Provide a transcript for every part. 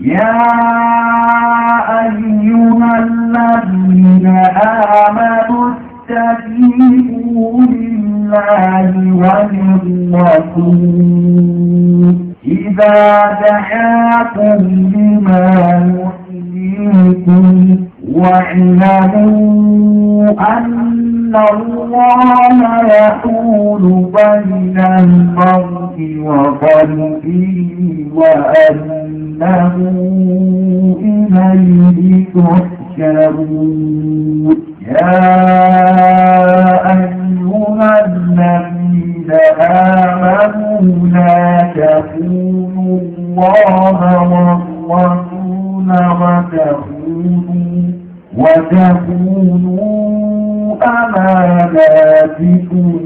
يا أيها الذين آمنوا استجيبوا لله وللرسول إذا دعاكم لما يحييكم واعلموا أن الله يحول بين المرء وقلبه وأنه إنه إليه تحشرون يا أيها الذين آمنوا لا تكونوا الله والرسول وتكونوا وتكونوا أماناتكم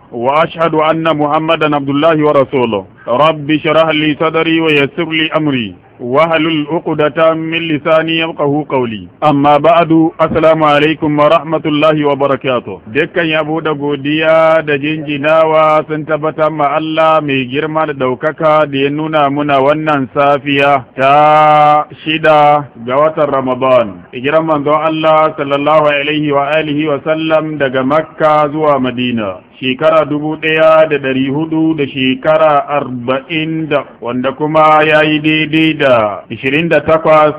وأشهد أن محمدا عبد الله ورسوله رب شرح لي صدري ويسر لي أمري وهل العقدة من لساني يبقه قولي أما بعد السلام عليكم ورحمة الله وبركاته دكا يابو دا غوديا دا جنجنا وسنتبتا ما الله مي جرما دوكاكا دي نونا منا ونن سافيا تا شدا جوات رمضان اجرما دو الله صلى الله عليه وآله وسلم دا مكة زوا مدينة shekara dubu ɗaya da ɗari hudu da shekara arba'in da wanda kuma ya yi daidai da ishirin da takwas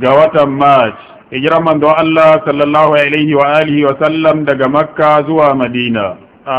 ga watan march hijiran manzon Allah sallallahu alaihi wa alihi wa sallam daga makka zuwa madina a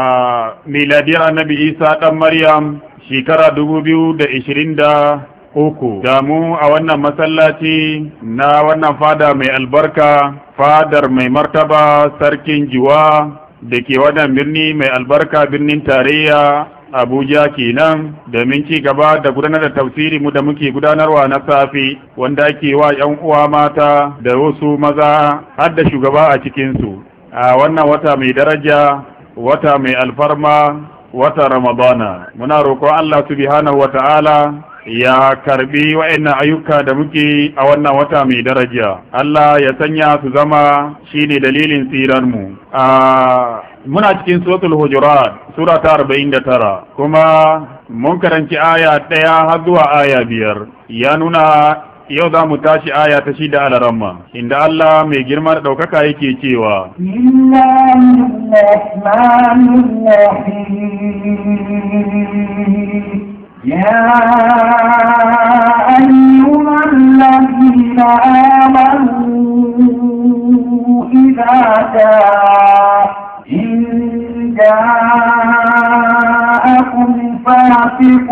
miladiyar annabi isa ɗan maryam shekara dubu biyu da ishirin da uku damu a wannan masallaci na wannan fada mai albarka fadar mai martaba sarkin jiwa da ke wannan birni mai albarka birnin tarayya abuja kenan domin ci gaba da gudanar da tafsiri mu da muke gudanarwa na safe wanda ke wa yan uwa mata da wasu maza har da shugaba a cikinsu a wannan wata mai daraja wata mai alfarma wata ramadana muna roƙon allah subhanahu wa ta'ala ya karbi wa'annan ayyuka da muke a wannan wata mai daraja Allah ya sanya su zama shine dalilin tsirar mu a muna cikin suratul hujurat sura ta tara. kuma mun karanci aya ɗaya har zuwa aya biyar ya nuna yau za mu tashi aya ta shida a laramma inda Allah mai girma da ɗaukaka yake cewa Bismillahirrahmanirrahim يا أيها الذين آمنوا إذا جاء إن جاءكم فاسق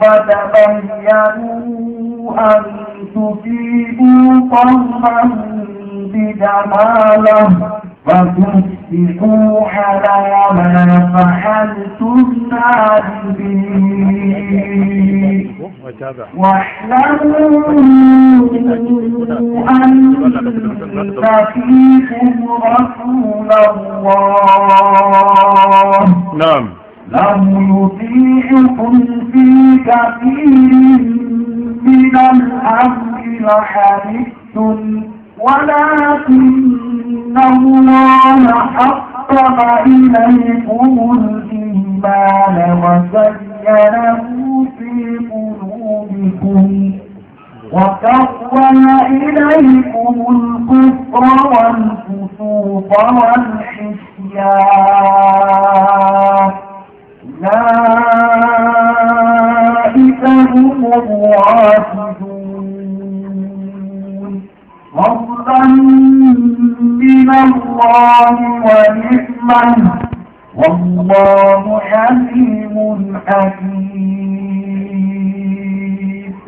فتبينوا أن تصيبوا قوما بجماله فتصبحوا على ما فعلتم العابدين واحذروا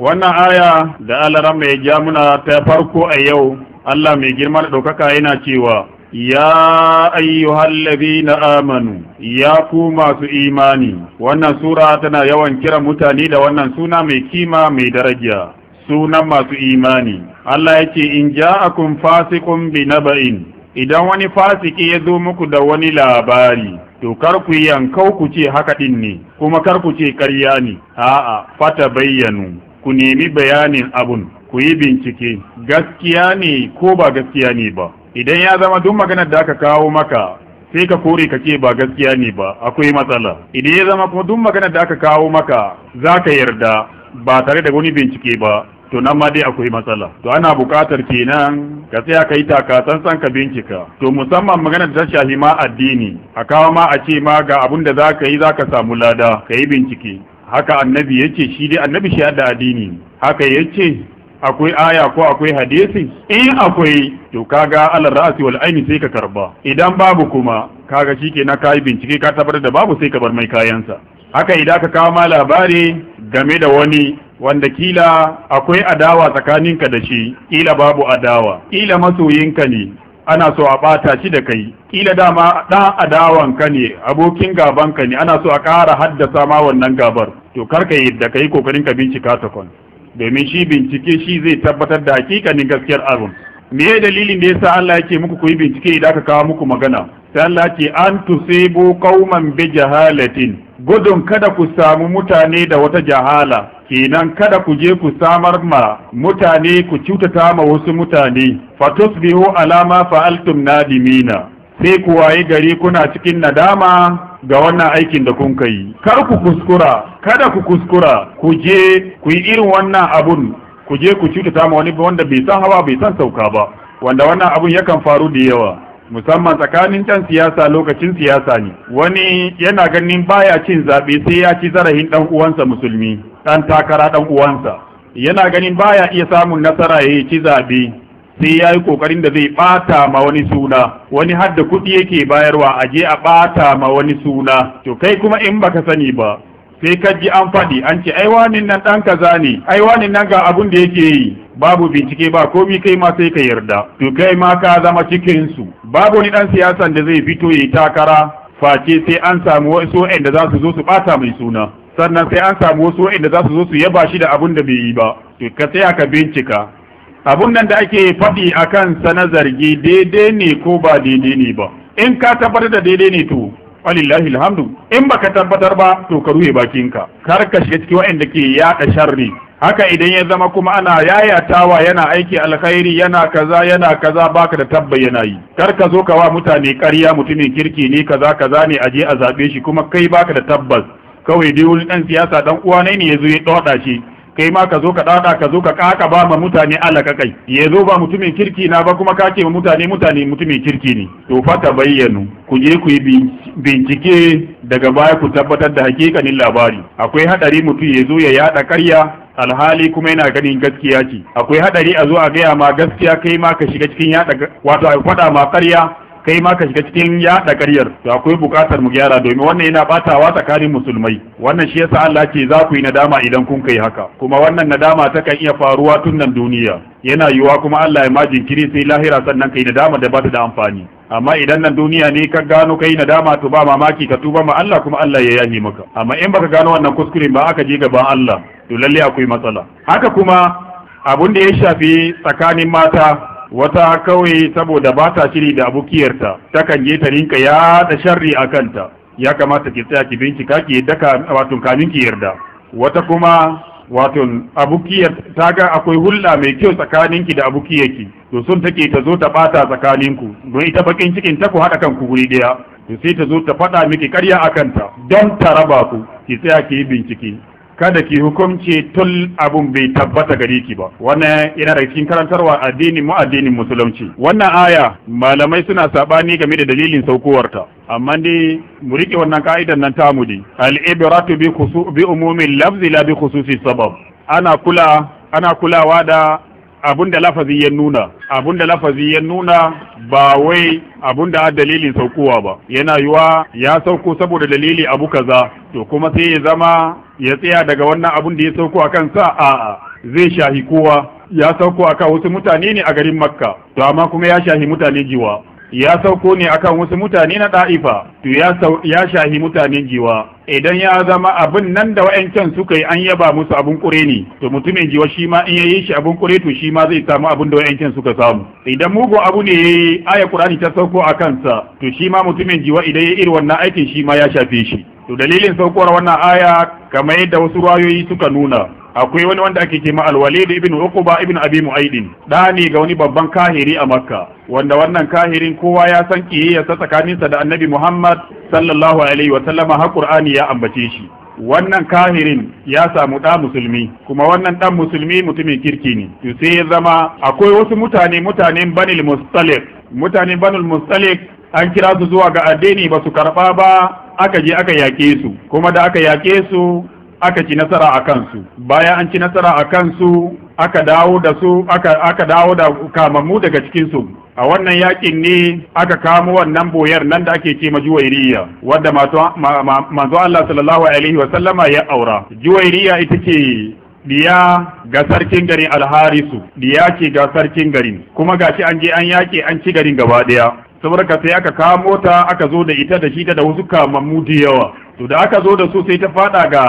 wannan aya da alaran mai ja muna ta farko a yau Allah mai girma da ɗaukaka yana cewa ya ayyuhallabi na amanu ya ku masu imani wannan sura tana yawan kira mutane da wannan suna mai kima mai daraja sunan masu imani Allah ya ce in ja'akum fasiqun bi naba'in idan wani fasiki ya zo muku da wani labari to kar ku yankau ku ce haka ɗin ne kuma kar ku ce karya ne a'a fata bayyanu ku nemi bayanin abun ku yi bincike gaskiya ne ko ba gaskiya ne ba idan ya zama duk maganar da aka kawo maka sai ka kore ka ce ba gaskiya ne ba akwai matsala idan ya zama kuma duk maganar da aka kawo maka za ka yarda ba tare da wani bincike ba to nan ma dai akwai matsala to ana buƙatar kenan ka tsaya ka yi taka san ka bincika to musamman maganar da ta shafi ma addini a kawo ma a ce ma ga abun da za ka yi za ka samu lada ka yi bincike haka annabi yace shi dai annabi shi da addini haka yace akwai aya ko akwai hadisi in akwai to kaga alal ra'si wal aini sai ka karba idan babu kuma kaga na kai bincike ka tabbatar da babu sai ka bar mai kayansa haka idan ka kawo ma labari game da wani wanda kila akwai adawa tsakaninka da shi kila babu adawa kila masoyinka ne ana so a bata shi da kai ƙila dama ɗan adawanka ne abokin gabanka ne ana so a ƙara haddasa ma wannan gabar to karka yadda ka yi kokarin ka bincika ta kon domin shi bincike shi zai tabbatar da hakikanin gaskiyar abin me dalilin da yasa Allah yake muku ku yi bincike idan aka kawo muku magana sai Allah yake an tusibu qauman bi jahalatin gudun kada ku samu mutane da wata jahala kenan kada ku je ku samar ma mutane ku cutata ma wasu mutane fatusbihu alama fa'altum nadimina sai ku waye gari kuna cikin nadama ga wannan aikin da kun kai kar ku kuskura kada ku kuskura ku je ku yi irin wannan abun ku je ku cutata ma wani wanda bai san hawa bai san sauka ba wanda wannan abun yakan faru da yawa musamman tsakanin can siyasa lokacin siyasa ne wani yana ganin baya cin zaɓe sai ya ci zarafin ɗan uwansa musulmi ɗan takara ɗan uwansa yana ganin baya iya samun nasara ya ci zaɓe sai ya yi kokarin da zai bata ma wani suna wani har da kuɗi yake bayarwa a je a bata ma wani suna to kai kuma in baka sani ba sai ka ji an faɗi an ce ai wanin nan ɗan kaza ne ai wanin nan ga abun da yake yi babu bincike ba komi kai ma sai ka yarda to kai ma ka zama cikin su babu wani ɗan siyasan da zai fito yi takara face sai an samu wasu waɗanda za su zo su bata mai suna sannan sai an samu wasu waɗanda za su zo su yaba shi da abun da bai yi ba to ka tsaya ka bincika abun nan da ake faɗi a kan sana zargi daidai ne ko ba daidai ne ba in ka tabbatar da daidai ne to walillahi alhamdu in baka tabbatar ba to ka ruhe bakinka kar ka shiga cikin wa'anda ke yaɗa sharri haka idan ya zama kuma ana yayatawa yana aiki alkhairi yana kaza yana kaza baka da tabba yana yi kar ka zo ka wa mutane ƙarya mutumin kirki ne kaza kaza ne aje a zabe shi kuma kai baka da tabbas kawai dai wani dan siyasa dan uwa ne ya zo ya doda shi kai ma ka zo ka dada ka zo ka kaka ba ma mutane Allah ka kai ya zo ba mutumin kirki na ba kuma ka ce mutane mutane mutumin kirki ne to fa ta bayyana, ku je ku yi bincike daga baya ku tabbatar da hakikanin labari akwai hadari mutum ya zo ya yaɗa karya alhali kuma yana ganin gaskiya ce akwai hadari a zo a gaya ma gaskiya kai ma ka shiga cikin yada wato a faɗa ma karya kai ma ka shiga cikin yaɗa ƙaryar to akwai buƙatar mu gyara domin wannan yana batawa tsakanin musulmai wannan shi yasa Allah ce za ku yi nadama idan kun kai haka kuma wannan nadama ta kan iya faruwa tun nan duniya yana yiwuwa kuma Allah ya ma jinkiri sai lahira sannan kai nadama da ba da amfani amma idan nan duniya ne ka gano kai nadama to ba mamaki ka tuba ma Allah kuma Allah ya yahi maka amma in baka gano wannan kuskuren ba aka je gaban Allah to lalle akwai matsala haka kuma abun da ya shafi tsakanin mata wata kawai saboda ba ta shiri da abukiyarta takan je ta rinka yaɗa sharri a kanta ya kamata ki tsaya ki bincika ki yadda wato kamin ki yarda wata kuma wato abukiyar ta ga akwai hulɗa mai kyau tsakaninki da ki, to sun take ta zo ta bata tsakaninku don ita bakin cikin ta ku haɗa kanku guri ɗaya to sai ta zo ta faɗa miki ƙarya a kanta don ta raba ku ki tsaya ki yi bincike kada ki hukunci tun abun bai tabbata gare ki ba wannan yana daga cikin karantarwa addinin mu addinin musulunci wannan aya malamai suna sabani game da dalilin saukowarta amma dai mu rike wannan ka'idar nan ta mu dai al-ibratu bi khusu bi umumin lafzi la bi khususi sabab ana kula ana kulawa da abun da lafazi ya nuna abun lafazi ya nuna ba wai abun da dalilin saukowa ba yana yiwa ya sauko saboda dalili abu kaza to kuma sai ya zama ya tsaya daga wannan abun da ya sauko a kansa a'a zai shahi kowa ya sauko akan wasu mutane ne a garin makka to amma kuma ya shahi mutane jiwa ya sauko ne akan wasu mutane na Ɗa'ifa. to ya shahi mutane jiwa idan ya zama abin nan da wa'ancan suka yi an yaba musu abun kure ne to mutumin jiwa shi ma in yayi shi abun kure to shi ma zai samu abin da wa'ancan suka samu idan mugun abu ne yayi aya qur'ani ta sauko a kansa, to shi ma mutumin jiwa idan yayi irin wannan aikin shi ma ya shafe shi to dalilin saukowar wannan aya kamar yadda wasu rayoyi suka nuna akwai wani wanda ake kema alwalid ibn uquba ibn abi mu'aidin da ne ga wani babban kahiri a makka wanda wannan kahirin kowa ya san kiyayyarsa tsakaninsa da annabi muhammad sallallahu alaihi wa sallama har qur'ani ya ambace shi wannan kahirin ya samu ɗan musulmi kuma wannan ɗan musulmi mutumin kirki ne to sai ya zama akwai wasu mutane mutanen banil mustalik mutanen banil mustalik an kira su zuwa ga addini ba su karɓa ba aka je aka yake su kuma da aka yake su aka ci nasara a kansu bayan an ci nasara a kansu aka dawo da su aka, dawo da kamammu daga cikinsu a wannan yakin ne aka kamo wannan boyar nan da ake ce ma juwairiya wadda manzo Allah sallallahu alaihi wa sallama ya aura juwairiya ita ce diya ga sarkin garin alharisu diya ce ga sarkin garin kuma gashi an je an yaƙi an ci garin gaba ɗaya saboda ka sai aka kawo mota aka zo da ita da shi ta da wasu kamammu da yawa to da aka zo da su sai ta fada ga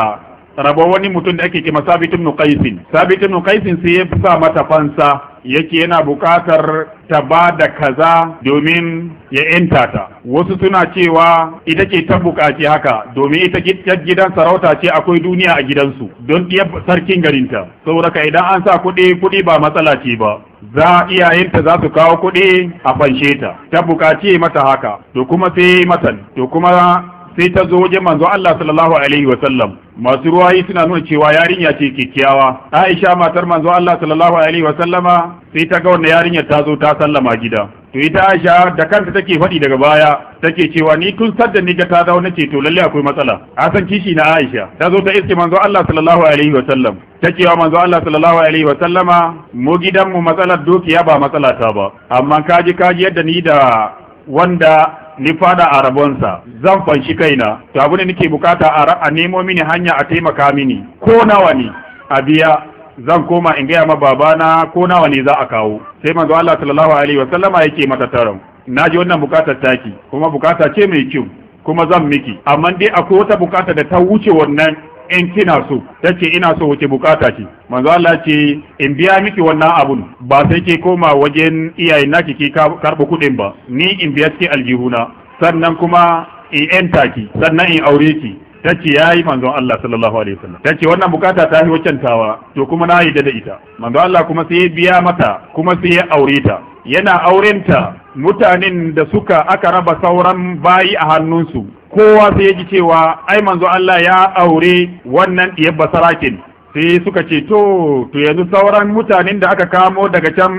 rabon wani mutum da ake kima sabit nukaisin qais nukaisin sai ya fi sa mata fansa yake yana bukatar ta ba da kaza domin ya yanta ta wasu suna cewa ita ce ta bukaci haka domin ita gidan sarauta ce akwai duniya a gidansu don ɗiya sarkin garinta saboda idan an sa kuɗi kuɗi ba matsala ce ba za iyayenta za su kawo kuɗi a fanshe ta ta bukaci mata haka to kuma sai matan to kuma sai ta zo wajen manzo Allah sallallahu alaihi wa sallam masu ruwayi suna nuna cewa yarinya ce kikkiyawa Aisha matar manzo Allah sallallahu alaihi wa sallama sai ta ga wannan yarinyar ta zo ta sallama gida to ita Aisha da kanta take faɗi daga baya take cewa ni tun sadda ni ga ta dawo na to lalle akwai matsala a san kishi na Aisha ta zo ta iske manzo Allah sallallahu alaihi wa sallam ta cewa manzo Allah sallallahu alaihi wa sallama mu gidan mu matsalar dukiya ba matsala ta ba amma kaji kaji yadda ni da wanda ni fada a rabonsa zan fanshi kaina to abu ne nake bukata a nemo mini hanya a taimaka mini ko nawa ne a biya zan koma in gaya ma babana ko nawa ne za a kawo sai manzo Allah sallallahu alaihi wa sallama yake mata taron naji wannan bukatar taki kuma bukata ce mai kyau kuma zan miki amma dai akwai wata bukata da ta wuce wannan in kina so tace ina so wace bukata ce manzo Allah ce in biya miki wannan abun ba sai ke koma wajen iyayen naki ki karba kudin ba ni in biya ki aljihuna sannan kuma in enta ki sannan in aure ki tace yayi ya Allah sallallahu alaihi wasallam ta wannan bukata ta yi tawa to kuma na yi da ita manzo Allah kuma sai biya mata kuma sai ya aure ta yana aurenta mutanen da suka aka raba sauran bayi a hannunsu kowa sai ya ji cewa ai manzo Allah ya aure wannan diyar basarakin sai suka ce to to yanzu sauran mutanen da aka kamo daga can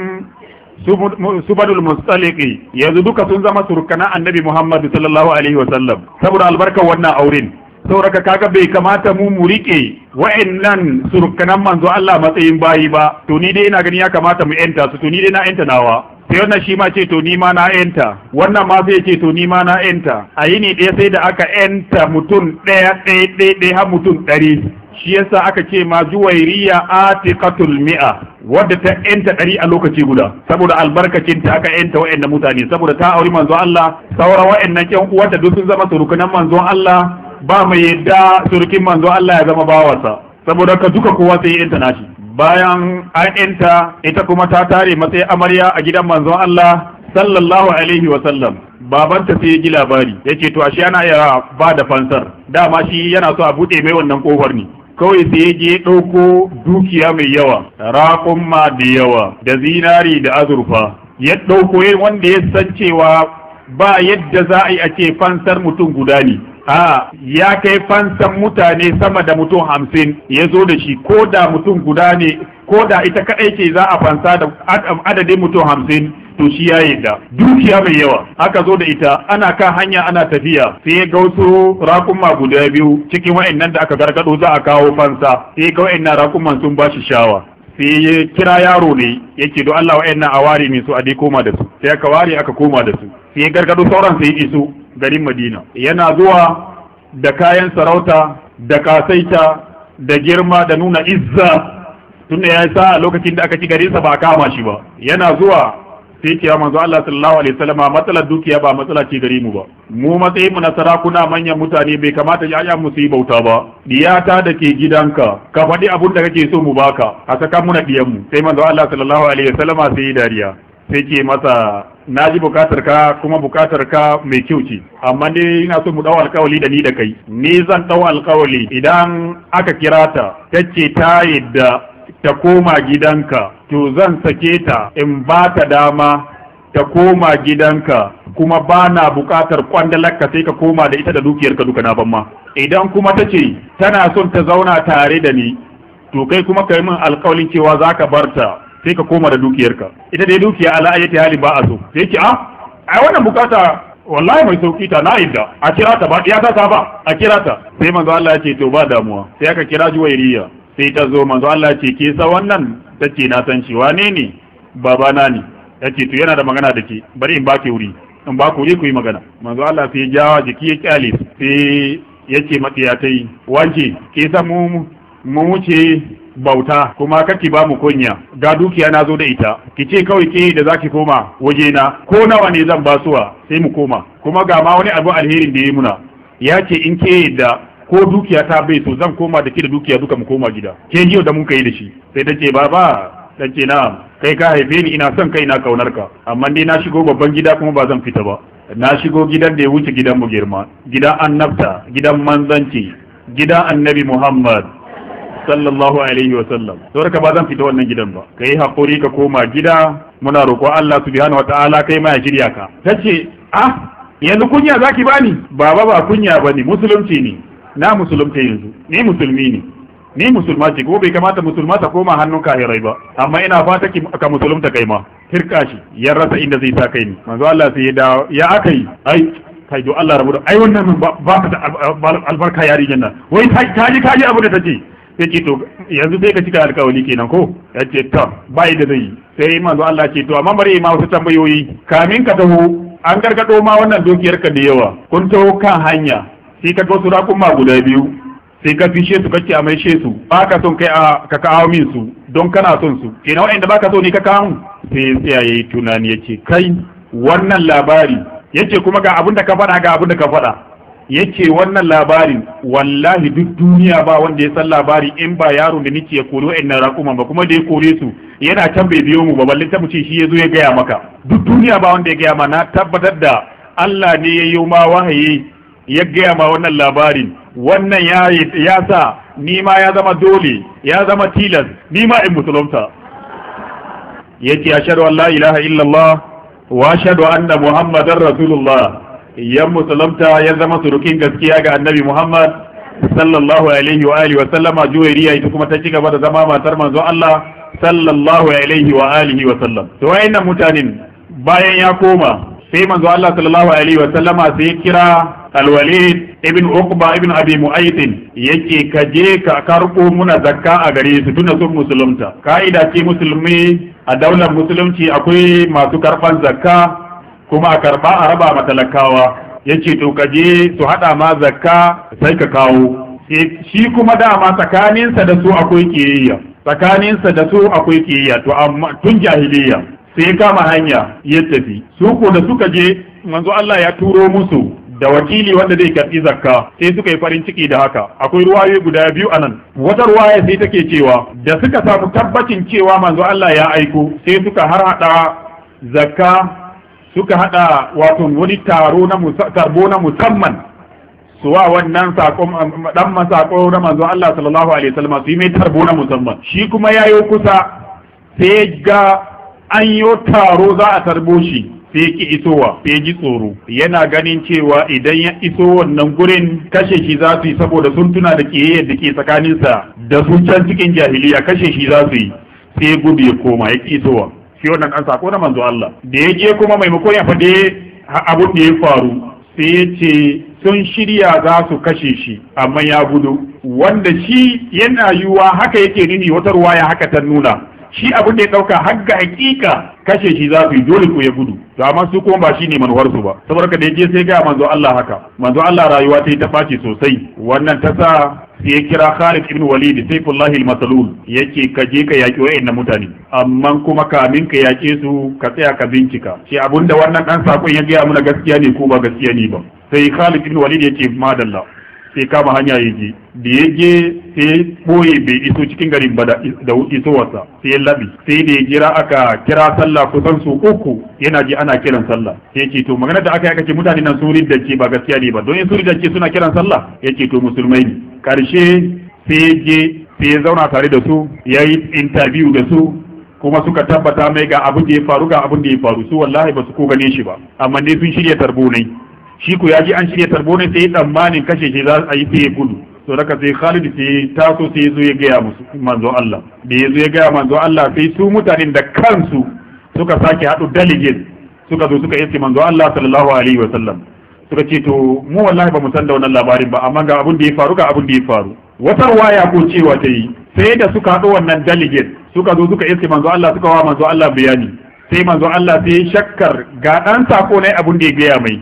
subadul mustaliki yanzu duka sun zama surkana annabi Muhammad sallallahu alaihi wa sallam saboda albarkar wannan auren sauraka kaga bai kamata mu mu rike wa'annan surkanan manzo Allah matsayin bayi ba to ni dai ina gani ya kamata mu yanta su to ni dai na yanta nawa sai wannan shi ma ce to ni ma na enta wannan ma sai ce to ni ma na enta a yi ne ɗaya sai da aka enta mutum ɗaya ɗaya ɗaya ɗaya har mutum ɗari shi yasa aka ce ma juwairiya atiqatul mi'a wadda ta enta ɗari a lokaci guda saboda albarkacin ta aka yanta wa'annan mutane saboda ta auri manzon Allah saura wa'annan ƴan uwarta duk sun zama surukunan manzon Allah ba mai yadda surukin manzon Allah ya zama bawarsa saboda ka duka kowa sai enta nashi bayan an inta ita kuma ta tare matsayin amarya a gidan manzon Allah sallallahu alaihi wa sallam babanta sai ya ji labari yace to ashe yana iya ba da fansar dama shi yana so a bude mai wannan kofar ne kawai sai ya je dauko dukiya mai yawa raƙumma da yawa da zinari da azurfa ya dauko wanda ya san cewa ba yadda za a yi a ce fansar mutum guda ne a ya kai fansan mutane sama da mutum hamsin ya zo da shi ko da mutum guda ne ko da ita kaɗai ce za a fansa da adadin mutum hamsin to shi ya yadda dukiya mai yawa aka zo da ita ana kan hanya ana tafiya sai ga wasu raƙuma guda biyu cikin wa'annan da aka gargado za a kawo fansa sai ga wa'annan raƙuman sun ba shi shawa sai kira yaro ne yake don Allah wa'annan a ware min su a dai koma da su sai aka ware aka koma da su sai gargado sauran sai isu garin Madina yana zuwa da kayan sarauta da kasaita da girma da nuna izza tunda ya sa lokacin da aka ci garinsa ba a kama shi ba yana zuwa sai ce manzo Allah sallallahu alaihi wasallam matsalar dukiya ba matsala ce gare mu ba mu matsayin mu na sarakuna manyan mutane bai kamata ya mu su bauta ba diyata da ke gidanka ka faɗi abun da kake so mu baka a saka na diyan mu sai manzo Allah sallallahu alaihi wasallam sai dariya sai ke masa na ji bukatar ka kuma bukatar ka mai kyau ce amma ne ina so mu dau alkawali da ni da kai ni zan dau alkawali idan aka kira ta tace ta yadda ta koma gidanka to zan sake ta in ba ta dama ta koma gidanka kuma ba na buƙatar kwandalarka sai ka koma da ita da dukiyarka duka na ban ma idan kuma ta ce tana son ta zauna tare da ni to kai kuma ka yi min alƙawalin cewa za ka bar ta sai ka koma da dukiyarka ita dai dukiya ala ayyati hali ba a so sai ki a ah, ai wannan bukata wallahi mai sauki ta na yadda a kira ta ba ya ta ba a kira ta sai manzo Allah ya ce to ba damuwa sai aka kira juwairiya sai ta zo manzo Allah ce ke sa wannan tace na san shi wane ne Baba na ne yace to yana da magana da ke bari in ba ki wuri in ba ku wuri ku yi magana manzo Allah sai jawa jiki ya kyale sai yace tai wanke ke sa mu mu wuce bauta kuma kake ba mu kunya ga dukiya na zo da ita ki ce kawai ke da zaki koma waje na ko nawa ne zan basuwa sai mu koma kuma ga ma wani abu alherin da yi muna ya ce in ke da ko dukiya ta bai to zan koma da ke da dukiya duka mu koma gida ke jiya da mun yi da shi sai ta ce baba dan ce na kai ka haife ni ina son kai na kaunar ka amma ni na shigo babban gida kuma ba zan fita ba na shigo gidan da ya wuce gidan mu girma gidan annabta gidan manzanci gidan annabi muhammad sallallahu alaihi sallam saboda ba zan fita wannan gidan ba kai hakuri ka koma gida muna roƙo Allah subhanahu wataala kai ma ya shirya ka tace ah yanzu kunya zaki bani baba ba kunya bane musulunci ne na musulunta yanzu ni musulmi ne ni musulma ce ko bai kamata musulma ta koma hannun kahirai ba amma ina fata ka musulunta kai ma hirka shi ya rasa inda zai sa kai ni manzo Allah sai ya dawo ya akai ai kai do Allah rabu ai wannan ba ba da albarka yari nan wai ta ji ta ji abu da take sai ce to yanzu sai ka cika alkawali kenan ko ya ce ta ba da zai sai manzo Allah ce to amma bari ma wasu tambayoyi kamin ka dawo an gargado ma wannan dokiyar ka da yawa kun taho kan hanya sai ka ga wasu raƙuma guda biyu sai ka fishe su ka kyamaishe su ba ka son kai ka kawo min su don kana son su wa'in da ba ka so ne ka kawo sai tsaya yi tunani ce, kai wannan labari ce kuma ga abin da ka faɗa ga abin da ka faɗa ya ce wannan labarin wallahi duk duniya ba wanda ya san labari in ba yaro da nake ya wa'in wa'annan raƙuman ba kuma da ya kore su yana can bai biyo mu ba balle ta mu ce shi ya zo ya gaya maka duk duniya ba wanda ya gaya ma na tabbatar da Allah ne ya yi ma wahayi ya gaya ma wannan labarin wannan ya sa ni ma ya zama dole ya zama tilas ni ma in musulunta yake ashhadu an la ilaha illallah wa ashhadu anna Muhammadan rasulullah yan musulunta ya zama surukin gaskiya ga annabi muhammad sallallahu alaihi wa alihi wa sallama juwairiya ita kuma ta ci gaba da zama matar manzo Allah sallallahu alaihi wa alihi wa sallam to wayannan mutanen bayan ya koma sai manzo Allah sallallahu alaihi wa sallama sai kira alwalid ibn uqba ibn abi mu'aytin yake ka je ka karɓo muna zakka a gare su tunda sun musulunta ka'ida ce musulmi a daular musulunci akwai masu karban zakka kuma a karɓa a raba ma matalakawa yace to ka je su haɗa ma zakka sai ka kawo eh, shi kuma dama tsakaninsa da su akwai kiyayya tsakaninsa da su akwai kiyayya to amma tun jahiliya sai kama hanya ya tafi su ko da suka je manzo Allah ya turo musu da wakili wanda zai karbi zakka sai suka yi farin ciki da haka akwai ruwaye guda biyu anan wata ruwaya sai take cewa da suka samu tabbacin cewa manzo Allah ya aiko sai suka har hada zakka suka hada wato wani taro na tarbo na musamman suwa wannan sakon dan masako na manzo Allah sallallahu alaihi wasallam su yi mai tarbo na musamman shi kuma yayo kusa sai ga an yo taro za a tarbo shi sai ki isowa sai ji tsoro yana ganin cewa idan ya iso wannan gurin kashe shi za su yi saboda sun tuna da kiyayyar da ke tsakaninsa da sun can cikin jahiliya kashe shi za su yi sai gudu ya koma ya ki isowa shi wannan an sako na manzo Allah da ya je kuma maimakon ya faɗe abun da ya faru sai ya ce sun shirya za su kashe shi amma ya gudu wanda shi yana yiwuwa haka yake nini, wata ya haka ta nuna shi abin da ya ɗauka, har ga hakika kashe shi za su yi dole ko ya gudu to amma su kuma ba shine manuwar su ba saboda ka je sai ga manzo Allah haka manzo Allah rayuwa ta yi ta face sosai wannan ta sa sai ya kira Khalid ibn Walid Saifullahi al-Masalul yake ka je ka yaki wayannan mutane amma kuma kamin ka yake su ka tsaya ka bincika shi da wannan dan sakon ya ga muna gaskiya ne ko ba gaskiya ne ba sai Khalid ibn Walid yake madalla sai kama hanya ya je da ya je sai ɓoye bai iso cikin garin ba da isowarsa sai ya labi sai da ya jira aka kira sallah kusan su uku yana ji ana kiran sallah sai ya ce to magana da aka yi aka ce mutane nan su ce ba gaskiya ne ba don in su ce suna kiran sallah ya ce to musulmai ne karshe sai ya je sai ya zauna tare da su ya yi interview da su kuma suka tabbata mai ga abin da ya faru ga abin da ya faru su wallahi ba su ko gane shi ba amma ne sun shirya tarbo ne shi ku ya ji an shirya tarbo ne sai tsammanin kashe shi za a yi sai gudu to daga sai Khalid sai taso sai zo ya gaya musu manzo Allah da ya zo ya gaya manzo Allah sai su mutanen da kansu suka sake hadu delegate suka zo suka iske manzo Allah sallallahu alaihi wa sallam suka ce to mu wallahi ba mu san da wannan labarin ba amma ga abin da ya faru ga abin da ya faru wata waya ko cewa ta yi sai da suka hadu wannan delegate suka zo suka iske manzo Allah suka wa manzo Allah bayani sai manzo Allah sai shakkar ga dan sako ne abin da ya gaya mai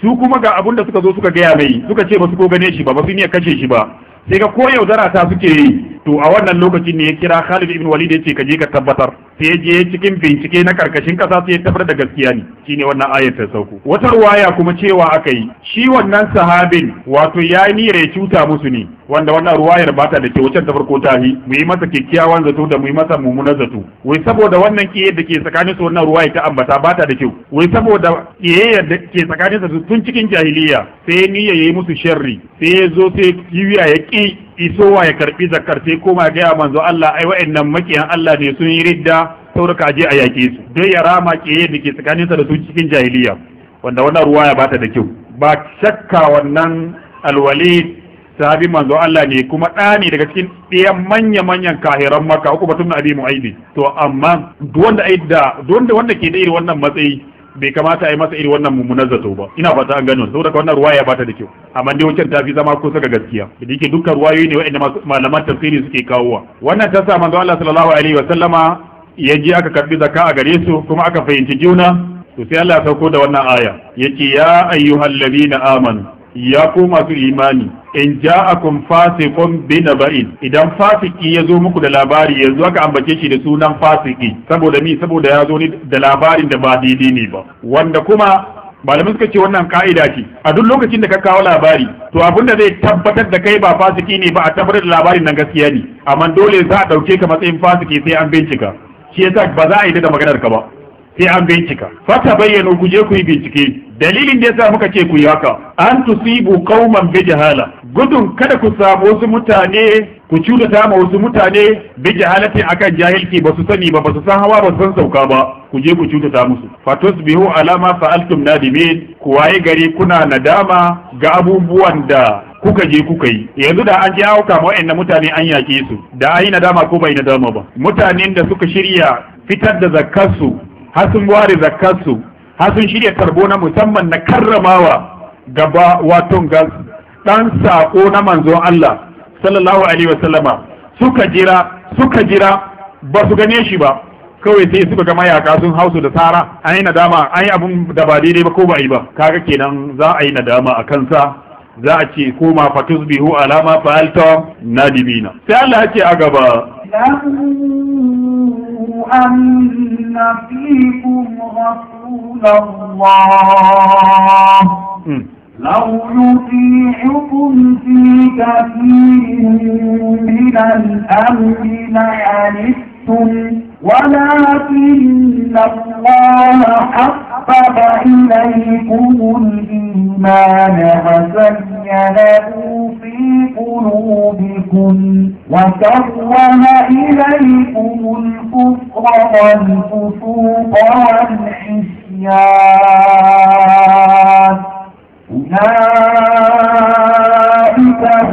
su kuma ga abun da suka zo suka gaya mai suka ce ba su ko gane shi ba ba su iya kashe shi ba sai ga ko yaudara ta suke yi to a wannan lokacin ne ya kira Khalid ibn Walid ya ce ka je ka tabbatar sai je cikin bincike na karkashin kasa sai ya tabbatar da gaskiya ne shine wannan ayar ta sauko wata ruwaya kuma cewa aka yi shi wannan sahabin wato ya niyyar ya cuta musu ne wanda wannan ruwayar ba ta da ke wucin ta farko ta yi mu yi masa kyakkyawan zato da mu yi masa mummunan zato wai saboda wannan kiyaye da ke tsakanin su wannan ruwaya ta ambata ba ta da kyau wai saboda kiyaye da ke tsakanin su tun cikin jahiliya sai niyyar ya yi musu sharri sai ya zo sai kiwiya ya ki isowa ya karbi zakar sai koma ga ya manzo Allah ai wa'annan makiyan Allah ne sun yi ridda sauraka je a yake su dai ya rama ƙeye da ke tsakanin sa da su cikin jahiliya wanda wannan ruwa ya bata da kyau ba shakka wannan alwali sahabi manzo Allah ne kuma ɗa ne daga cikin ɗayan manya-manyan kahiran maka uku batun abi mu'aidi to amma duk wanda wanda ke da irin wannan matsayi bai kamata a yi masa irin wannan mummunar zato ba ina fata an gano saboda wannan ruwaya ba ta da kyau amma dai wancan ta fi zama kusa ga gaskiya da yake dukkan ruwayoyi ne wa'anda malaman tafsiri suke kawowa wannan ta sa manzo Allah sallallahu alaihi wa sallama ya je aka karbi zakka a gare su kuma aka fahimci juna to sai Allah ya sauko da wannan aya yace ya ayyuhallazina amanu ya ko masu imani in ja ja'akum fasiqun bi naba'in idan fasiki ya zo muku da labari yanzu aka ambace shi da sunan fasiki saboda mi saboda ya zo ni da labarin da ba daidai ne ba wanda kuma Malamin suka ce wannan ka'ida ce a duk lokacin da ka kawo labari to abin da zai tabbatar da kai ba fasiki ne ba a tabbatar da labarin nan gaskiya ne amma dole za a ɗauke ka matsayin fasiki sai an bincika shi yasa ba za a yi da maganar ka ba sai an bincika fata bayyana ku je ku yi bincike dalilin da yasa muka ce ku yi haka an tusibu kauman bi jahala gudun kada ku samu wasu mutane ku ta ma wasu mutane bi jahalatin akan jahilci ba su sani ba ba su san hawa ba su san sauka ba ku je ku cuta ta musu alama ala ma fa'altum nadimin ku waye gari kuna nadama ga abubuwan da kuka je kuka yi yanzu da an je auka ma wayannan mutane an yake su da ayi nadama ko bai nadama ba mutanen da suka shirya fitar da zakkarsu har sun ware zakkarsu har sun shirya tarbo na musamman na karramawa gaba waton gas dan sako na manzo Allah sallallahu alaihi wasallama suka jira suka jira ba su gane shi ba kawai sai suka ga mayaka sun hausu da tsara an yi nadama an yi abun da ba daidai ba ko ba yi ba kaga kenan za a yi nadama a kansa za a ce koma fatus bihu alama fa'alta nadibina sai Allah ya ce a gaba فيكم رسول الله لو يطيعكم في كثير من الأمر لعنتم ولكن الله حبب إليكم الإيمان وزينه في قلوبكم وكره إليكم الكفر والفسوق والعصيان أولئك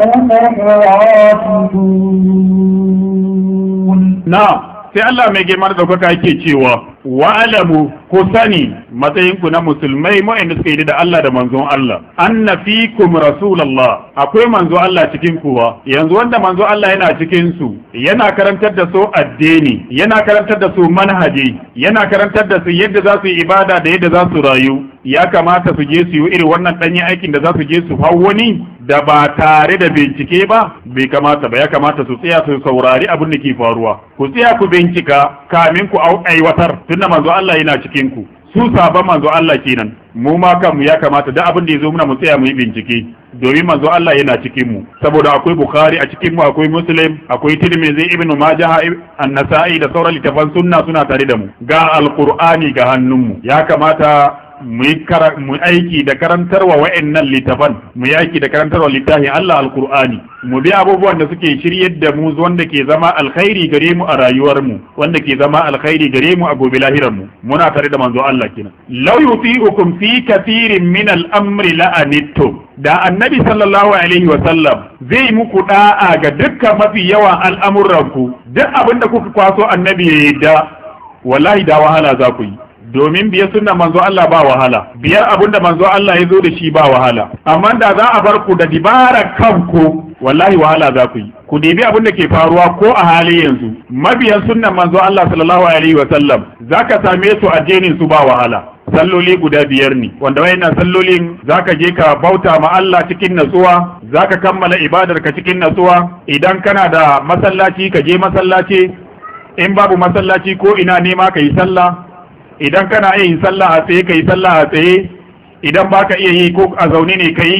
هم الراشدون نعم في الله ما يجي da kuka yake wa'alamu ku sani matsayinku na musulmai ma'ayin suka yi da Allah da manzon Allah anna fikum rasulallah akwai manzo Allah cikin kuwa yanzu wanda manzo Allah yana cikin su yana karantar da su addini yana karantar da su manhaji yana karantar da su yadda za su yi ibada da yadda za su rayu ya kamata su je su yi irin wannan danyen aikin da za su je su hau wani da ba tare da bincike ba bai kamata ba ya kamata su tsaya su saurari abin da ke faruwa ku tsaya ku bincika kamin ku aiwatar tunda manzo Allah yana cikin ku su sabon manzo Allah kenan mu ma kanmu ya kamata da abin da ya zo muna mu tsaya mu yi bincike domin manzo Allah yana cikin mu saboda akwai Bukhari a cikin mu akwai Muslim akwai Tirmidhi Ibn Majah An-Nasa'i da sauran littafan sunna suna tare da mu ga Al-Qur'ani ga hannun mu ya kamata mu yi aiki da karantarwa wa'annan littafan mu yi aiki da karantarwa littafin Allah alkur'ani mu bi abubuwan da suke shiryar da mu wanda ke zama alkhairi gare mu a rayuwar mu wanda ke zama alkhairi gare mu a gobe lahirar mu muna tare da manzo Allah kenan law yuti'ukum fi kathirin min al-amri la'anittum da annabi sallallahu alaihi wa sallam zai muku da'a ga dukkan mafi yawan al'amuranku duk abinda kuka kwaso annabi ya yi da wallahi da wahala za ku yi domin biyar sunna manzo Allah ba wahala biyar abinda manzo Allah ya zo da shi ba wahala amma da za a bar ku da dibara kanku wallahi wahala za ku yi ku debi abin da ke faruwa ko a hali yanzu mabiyan sunnan manzo Allah sallallahu alaihi wa sallam zaka same su addinin su ba wahala salloli guda biyar ne wanda wayannan sallolin zaka je ka bauta ma Allah cikin natsuwa zaka kammala ibadar ka cikin natsuwa idan kana da masallaci ka je masallaci in babu masallaci ko ina nema ka yi sallah idan kana iya yin sallah a tsaye kai sallah a tsaye idan baka iya yi ko a zaune ne kai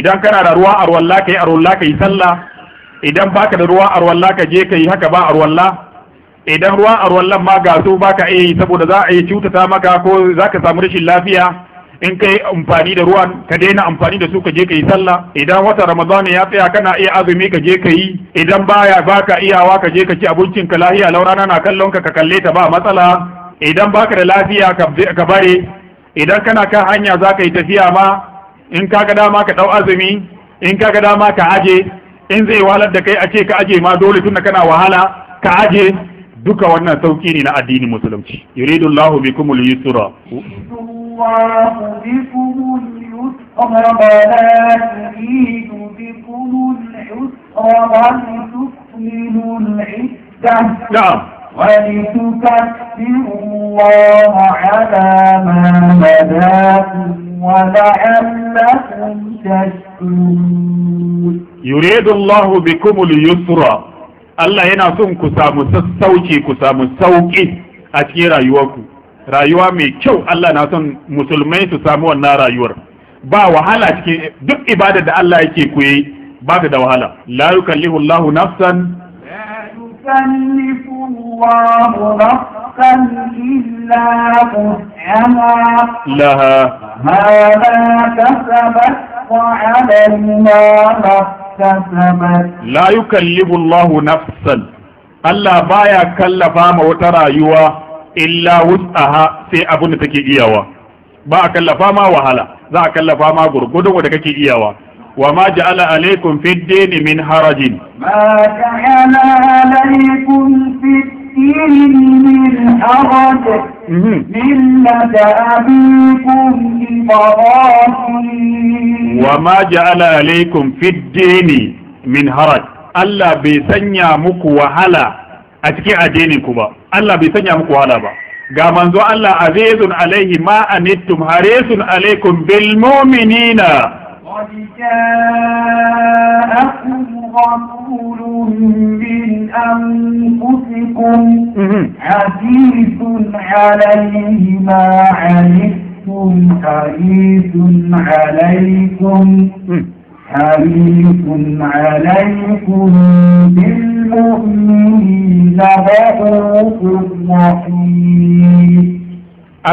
idan kana da ruwa a ruwalla kai a ruwalla kai sallah idan baka da ruwa a ruwalla ka je kai haka ba a ruwalla idan ruwa a ruwallan ma ga su baka iya yi saboda za a yi cutata maka ko za ka samu rashin lafiya in kai amfani da ruwan ka daina amfani da su ka je ka yi sallah idan wata ramadana ya tsaya kana iya azumi ka je ka yi idan baya baka iyawa ka je ka ci abincin ka lahiya laura na kallon ka ka kalle ta ba matsala idan baka da lafiya ka bare idan kana kan hanya za ka yi tafiya ma in ka ga dama ka ɗau azumi in ka ga dama ka aje in zai walar da kai a ce ka aje ma dole tunda kana wahala ka aje duka wannan sauki ne na addinin musulunci yuridu Allahu bikumul yusra الله بكم اليسر ولتكفروا الله على ما مداكم ولعلكم تشكرون يريد الله بكم اليسرى الله هنا سن كسام سوكي كسام سوكي أتكي رأيوكو رأيوا مي كيو الله هنا سن مسلمين تسامو النار رأيور با وحالا أتكي دك إبادة دا الله أتكي كوي باك دا وحالا لا يكلف الله نفسا لا يكلف الله نفسا إلا مهما لها ما لا كسبت وعلى ما لا يكلف الله نفسا ألا بايا كلفا ما وترى يوا إلا وسعها في أبن تكي إياوا با كلفا ما وهلا ذا كلفا ما قر قدو وتكي إياوا وما جعل عليكم في الدين من حرج ما جعل عليكم في الدين فيه من حرج ملة أبيكم إبراهيم وما جعل عليكم في الدين من حرج Allah bai sanya muku wahala a cikin addininku ba Allah bai sanya muku wahala ba ga manzo Allah azizun alaihi ma anittum harisun alaikum bil mu'minina قد جاءكم رسول أنفسكم حديث عليه ما عنفتم حديث عليكم حريص عليكم بالمؤمنين رؤوف رحيم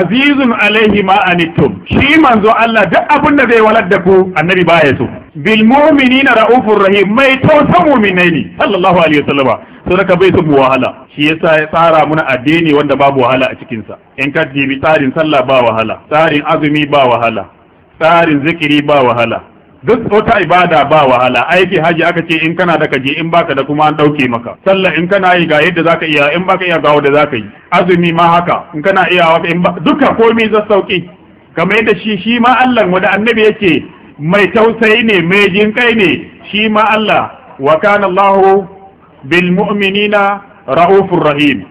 azizun alaihi ma anittum shi manzo Allah duk abin da zai walar da ku annabi baya so bil mu'minina raufur rahim mai tausa mu'minai ne sallallahu alaihi wasallam so naka bai son mu wahala shi yasa ya tsara muna addini wanda babu wahala a cikin sa in ka dibi tsarin sallah ba wahala tsarin azumi ba wahala tsarin zikiri ba wahala duk wata ibada ba wahala aiki haji aka ce in kana da kaje in baka da kuma an dauke maka sallah in kana yi ga yadda zaka iya in baka iya ga wanda zaka yi azumi ma haka in kana iya waka in duka komai zai sauki kamar yadda shi shi ma Allah wanda annabi yake mai tausayi ne mai jinkai ne shi ma Allah wa kana Allahu bil mu'minina ra'ufur rahim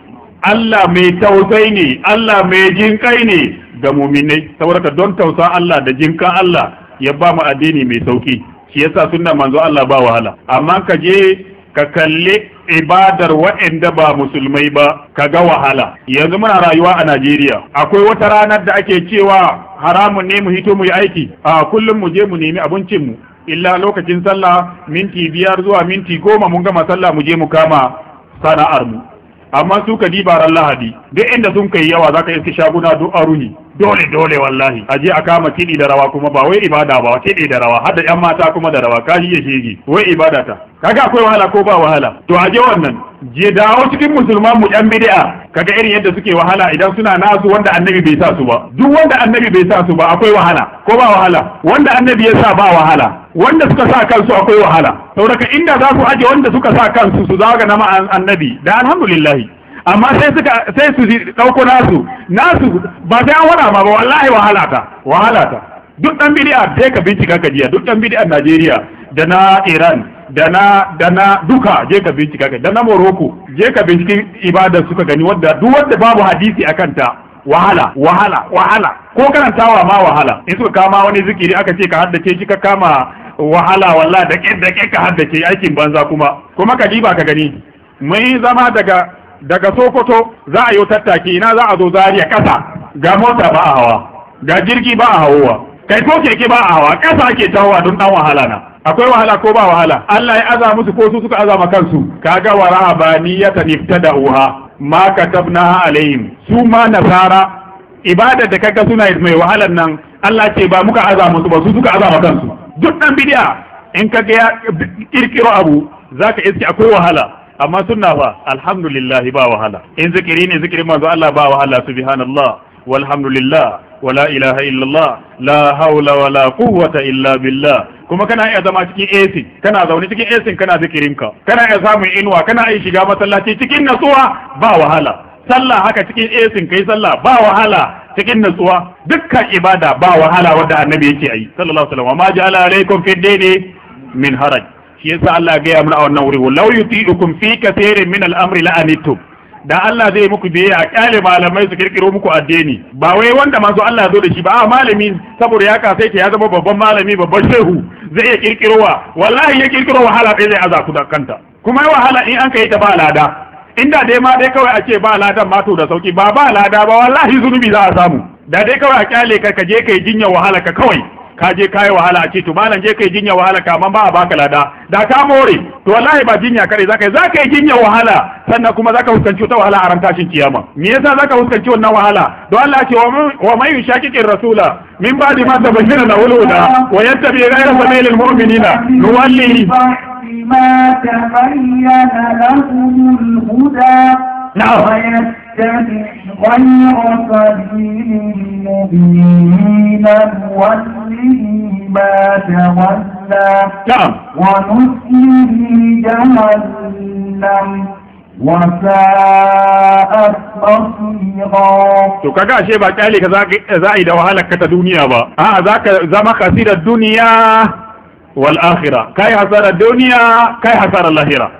Allah mai tausayi ne Allah mai jinkai ne ga mu'minai saboda don tausa Allah da jinkan Allah ya ba mu addini mai sauki shi yasa sunna manzo Allah ba wahala amma ka je ka kalli ibadar waɗanda ba musulmai ba ka ga wahala yanzu muna rayuwa a Najeriya akwai wata ranar da ake cewa haramun ne mu hito mu yi aiki a kullum mu je mu nemi abincin mu illa lokacin sallah minti biyar zuwa minti goma mun gama sallah mu je mu kama sana'ar mu amma su ka dibaran lahadi duk inda sun kai yawa za ka yi shaguna duk ne. dole dole wallahi aje a kama kiɗi da rawa kuma ba wai ibada ba kiɗi da rawa har ƴan mata kuma da rawa kashi ya shege wai ibada ta kaga akwai wahala ko ba wahala to aje wannan je dawo cikin musulman mu ƴan bid'a kaga irin yadda suke wahala idan suna nasu wanda annabi bai sa su ba duk wanda annabi bai sa su ba akwai wahala ko ba wahala wanda annabi ya sa ba wahala wanda suka sa kansu akwai wahala saboda inda za su aje wanda suka sa kansu su zaga na annabi da alhamdulillah amma sai suka sai su dauko nasu nasu ba sai an wala ba wallahi wahala ta wahala ta duk dan bid'a sai ka bincika ka jiya duk dan bid'a Najeriya da na Iran da na da na duka je ka bincika ka da na Morocco je ka binciki ibadar suka gani wanda duk wanda babu hadisi akan ta wahala wahala wahala ko karantawa ma wahala in suka kama wani zikiri aka ce ka haddace shi ka kama wahala wallahi da ke da ke ka haddace aikin banza kuma kuma ka diba ka gani mun zama daga daga sokoto za a yi tattaki ina za a zo zariya kasa ga mota ba a hawa ga jirgi ba a hawa kai ko keke ba a hawa kasa ake tawa don dan wahala na akwai wahala ko ba wahala Allah ya aza musu ko su suka azama kansu kaga wa rahabaniyatan ibtada'uha ma katabna alaihim su ma nasara ibada da kaga suna mai wahalan nan Allah ce ba muka aza musu ba su suka azama kansu duk dan bid'a in kaga ya kirkiro abu zaka iske akwai wahala amma sunna fa alhamdulillah ba wahala in zikiri ne zikirin manzo Allah ba wahala subhanallah walhamdulillah wala ilaha illallah la haula wala quwwata illa billah kuma kana iya zama cikin AC kana zaune cikin AC kana ka kana iya samun inuwa kana iya shiga masallaci cikin natsuwa ba wahala sallah haka cikin AC kai sallah ba wahala cikin natsuwa dukkan ibada ba wahala wanda annabi yake yi sallallahu alaihi wasallam ma ja'ala alaikum fid dini min haraj shi yasa Allah ya gaya mana a wannan wuri law yuti'ukum fi kathirin min al-amri da Allah zai muku biyayya a kyale malamai su kirkiro muku addini ba wai wanda manzo Allah zo da shi ba a malami saboda ya kasaita ya zama babban malami babban shehu zai iya kirkirowa wallahi ya kirkiro wahala ɗaya zai aza ku da kanta kuma wahala in an ka yi ta ba lada In inda dai ma dai kawai a ce ba ladan ma to da sauki ba ba lada ba wallahi zunubi za a samu da dai kawai a kyale ka ka je kai jinya wahala ka kawai ka je yi wahala a ce to malam je kai jinya wahala ka man ba a baka lada da ka more to wallahi ba jinya kare zaka zaka yi jinya wahala sannan kuma zaka huskanci wata wahala a ran tashin kiyama me yasa zaka huskanci wannan wahala don Allah ce wa man yushaqiqir rasula min ba'di ma tabayyana lahu al-huda wa yattabi ghayra sabilil mu'minina nuwallihi ma tabayyana lahu al-huda نعم نعم تكاكا شيبا تالي زايدة وهلكة الدنيا با ها ذاك زما خسير الدنيا والآخرة كاي حسار الدنيا كاي حسار الآخرة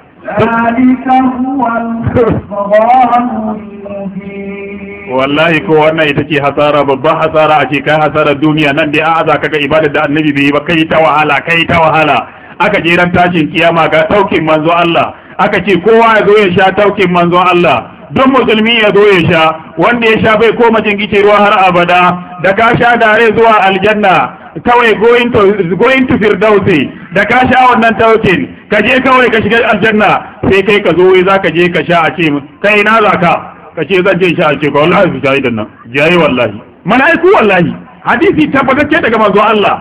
wallahi ko wannan ita ce hasara babban hasara a ce kai hasarar duniya nan dai a aza kaga ibadar da annabi bai yi ba kai ta wahala kai ta wahala aka je ran tashin kiyama ga taukin manzo Allah aka ce kowa ya zo ya sha taukin manzo Allah don musulmi ya zo ya sha wanda ya sha bai koma jin ruwa har abada da ka sha dare zuwa aljanna kawai going to firdausi da ka sha wannan taukin ka je kawai ka shiga aljanna sai kai ka zo wai za ka je ka sha a ce kai ina za ka ka ce zan je sha a ce ka wallahi su jayi da nan jayi wallahi mala'iku wallahi hadisi tabbatacce daga manzo Allah